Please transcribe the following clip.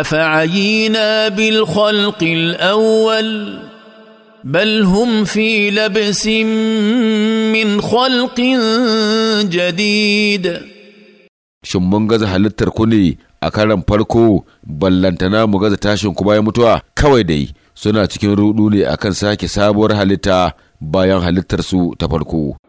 افعينا بالخلق الاول بل هم في لبس من خلق جديد shin mun gaza halittar ku ne a karan farko ballantana mu gaza tashin ku bayan mutuwa kawai dai suna cikin rudu ne akan sake sabuwar halitta bayan halittarsu ta farko